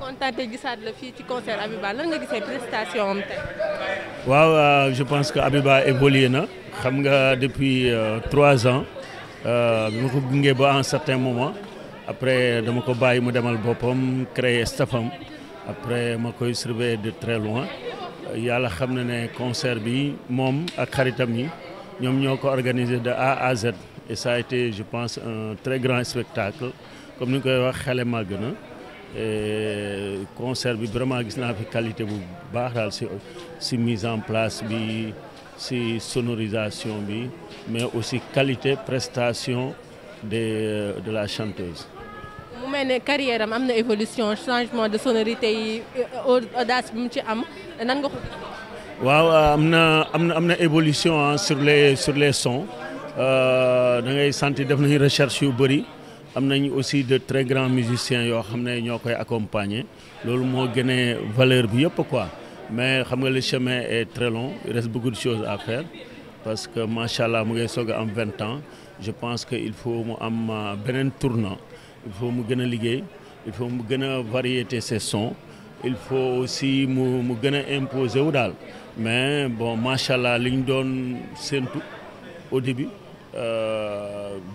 kontaan te gisaat la fii ci concert Abiba lan nga gisee prestation am tey. waaw euh, je pense que Abiba évolué na xam nga depuis euh, trois ans euh, bi ma ko gungee ba un certain moment après dama ko bàyyi mu demal boppam créer staffam après ma koy surveiller de très loin yàlla xam na ne concert bi moom ak xaritam yi ñoom ñoo ko organisé de A à Z et ça été je pense un très grand spectacle comme ni ñu koy wax xele màgg na. Euh, concert bi vraiment gis naa fi qualité bu baax daal si si mise en place bi si sonorisation bi mais aussi qualité prestation de de la chanteuse. mu mel ne carrière am am na évolution changement de sonorité yi euh, audace bi mu ci am nan nga ko. waaw am na am na am na évolution sur les sur les sons euh, da ngay sentir def nañu recherche yu bëri. am nañu aussi de très grands musiciens yoo xam ne ñoo koy accompagner loolu moo gënee valeur bi yëpp quoi mais xam nga le chemin est très long il reste beaucoup de choses à faire parce que macha allah mu ngay soog a am vingt ans je pense que il faut mu am euh, beneen tournant il faut mu gën a liggéey il faut mu gën a variété ses sons il faut aussi mu mu gën a imposer wu daal mais bon macha allah li ñu doon séntu au début euh,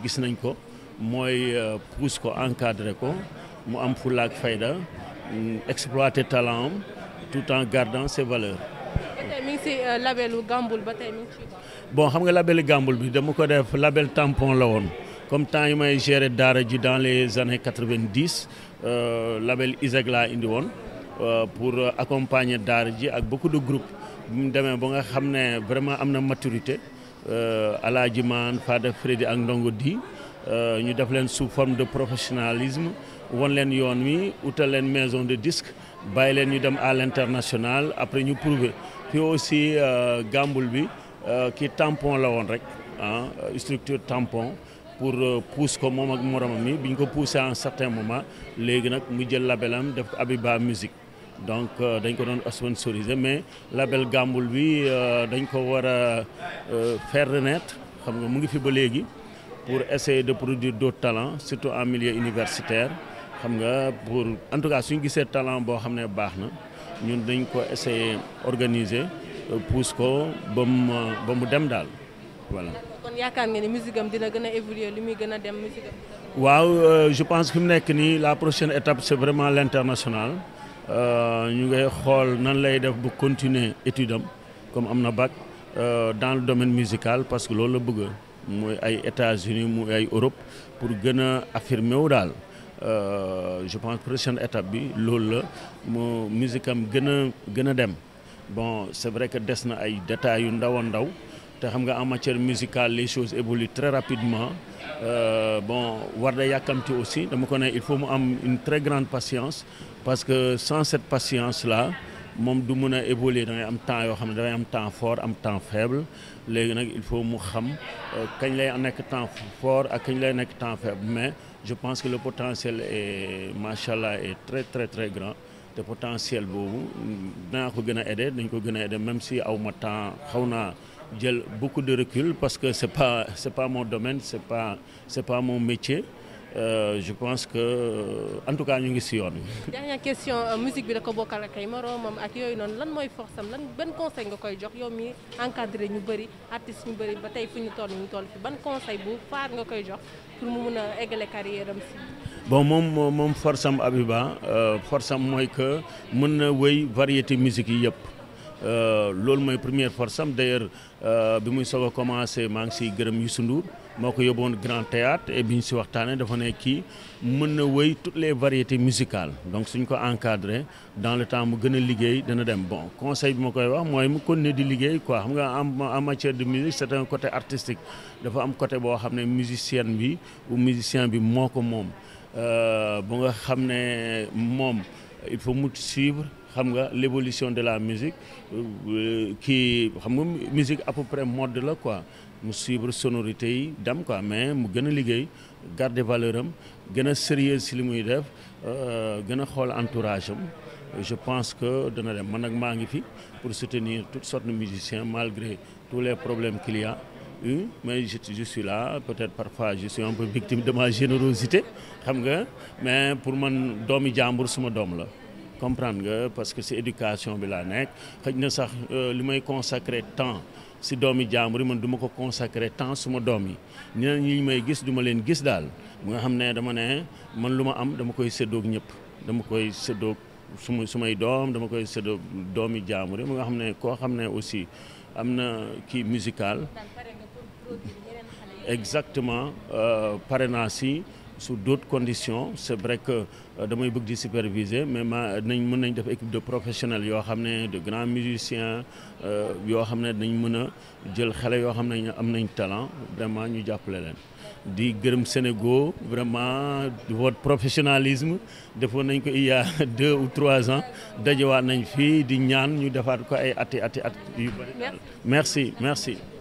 gis nañ ko. mooy euh, pousse ko encadrer ko mu am fulla ak fayda exploiter talent am tout en gardant ses valeurs. Euh, mi ngi si bon xam nga labelu Gamboul bi dama ko def label tampon la woon comme temps yi may gérer daara ji dans les années quatre-vingt-dix euh, label ISEG laa indi woon pour accompagner daara ji ak beaucoup de groupes demee ba nga xam ne vraiment am na maturité Alaaji Man Fada Freddy ak Ndongo Di. Euh, ñu def leen sous forme de professionnalisme won leen yoon wi utal leen maison de disque bàyyi leen ñu dem à l'international après ñu prouver puis aussi euh, Gamboul bi euh, ki tampon la woon rek ah structure tampon pour pousse ko moom ak moromam mi bi ñu ko poussé en un certain léegi nag mu jël labelam def ko baa Musique donc dañ ko doon sponsorisé mais label Gamboul bi dañ ko war a faire xam nga mu ngi fi ba léegi pour essayer de produire d'autres talents surtout en milieu universitaire xam nga pour en tout cas suñu gisee talent boo xam ne baax na ñun dañ ko essayer organiser euh, pousse ko ba mu ba mu dem daal voilà. kon yaakaar nga ni musique am gën a évoluer li gën a dem musique am euh, je pense que mu nekk nii la prochaine étape c'est vraiment l'international euh, ñu ngay xool nan lay def bu continuer étude am comme am na bac dans le domaine musical parce que loolu la bëgg. muy ay États-Unis muy ay Europe pour gën a affirmer wu daal euh, je pense prochaine étape bi loolu la mu musique gën a gën a dem bon c'est vrai que des na ay détails yu ndaw a ndaw te xam nga en matière musicale les choses évoluent très rapidement euh, bon war da yàkkamti aussi dama ko ne il faut mu am une très grande patience parce que sans cette patience là moom du mun a évoluer da am temps yoo xam ne dafay am temps fort am temps faible léegi nag il faut mu xam euh, kañ lay nekk temps fort ak kañ lay nekk temps faible mais je pense que le potentiel est macha allah est très très très grand te potentiel boobu dinaa ko gën a aider dañ ko gën a aider même si aw ma temps xaw naa jël beaucoup de recul parce que c'est pas c'est pas mon domaine c'est pas c'est pas mon métier. Euh, je pense que euh, en tout cas ñu ngi si yoon bi. question euh, musique bi da ko bokkal ak ay moroomam ak yooyu noonu lan mooy force am lan ban conseil nga koy jox yow mi encadré ñu bëri artiste ñu bëri ba tey fu ñu toll ñu toll fi ban conseil bu faar nga koy jox pour mu mun a eggale carrière si. bon moom moom force am Abiba force mooy que mën na wéy variété musique yi yëpp. Euh, loolu mooy première force am d'ailleurs euh, bi muy soog a commencé maa ngi siy gërëm Youssou sundu moo ko yóbboon Grand Théâtre et bi ñu si waxtaanee dafa ne kii mën na wéy tout les variétés musicales donc suñ ko encadré dans le temps mu gën a liggéey dana dem bon conseil bi ma koy wax mooy mu continuer di liggéey quoi xam nga am en matière de musique c'est un côté artistique dafa am côté boo xam ne musicienne bi ou musicien bi moo ko moom euh, bu nga xam ne moom. il faut mu suivre xam nga l'évolution de la musique kii euh, xam nga musique à peu près mode la quoi mu suivre sonorité yi dem quoi mais mu gën a liggéey garde valeur am gën a sérieux si li muy def euh, gën a xool entourage je pense que dana dem man nag maa ngi fi pour soutenir toutes sortes de musiciens malgré tous les problèmes qu'il oui mais je, je suis là peut-être parfois je suis victime de ma générosité xam nga mais pour man doomi jàmbur suma doom la comprendre nga parce que si éducation bi laa nekk xëj na sax euh, li may consacrer temps si doomi jàmbur yi man duma ko consacrer temps suma doom yi ñeneen ñi may gis du ma leen gis daal nga xam ne dama ne man lu ma am dama koy séddoog ñëpp dama koy séddoog suma sumay doom dama koy séddoog doomi jàmbur yi nga xam ne koo xam ne aussi am na kii musical exactement euh, parrainage yi sous d'autres condition c'est vrai que euh, damay bëgg di superviser mais ma nañ mën nañ def équipe de professionnels yoo xam ne de grands musiciens euh, yoo xam ne dañ mën a jël xele yoo xam ne am nañ talent vraiment ñu jàppale leen. di gërëm Sénégal vraiment votre professionnalisme defoon nañ ko il y a deux ou trois ans dajewaat nañ fii di ñaan ñu defaat ko ay ati ati at yu merci merci.